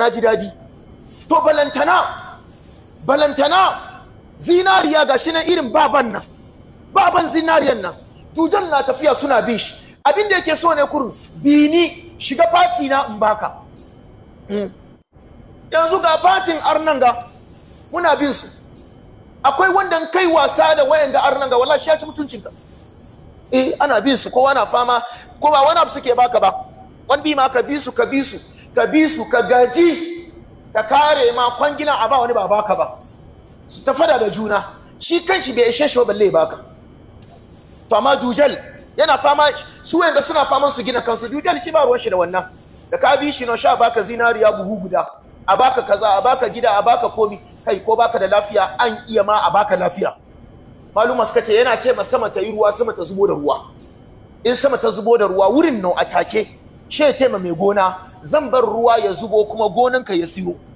na ji daɗi to balantana balantana zinariya ga shi na irin baban nan baban zinariyan nan dujan na tafiya suna bin shi abin da yake so ne kurun bini shiga fati na in baka hmm. yanzu ga fatin arnan ga muna bin su akwai wanda kai wasa da wayan da arnan ga wallahi shi ya ci mutuncin ka? eh ana bin su kowa na fama ko ba wani abu suke baka ba wani bi ma ka bi su ka bi su ka bi su ka gaji ka kare ma kwangilan a ba wani ba baka ba su ta fada da juna shi kanshi bai ishe shi ba balle baka to amma dujal yana fama su wanda suna faman su gina kansu dujal shi ba ruwan shi da wannan da ka bi shi na sha baka zinariya buhu guda a baka kaza a baka gida a baka komi kai ko baka da lafiya an iya ma a baka lafiya maluma suka ce yana ce ma sama ta yi ruwa sama ta zubo da ruwa in sama ta zubo da ruwa wurin nan a take she ce ma mai gona zan bar ruwa ya zubo kuma gonanka ya siyo.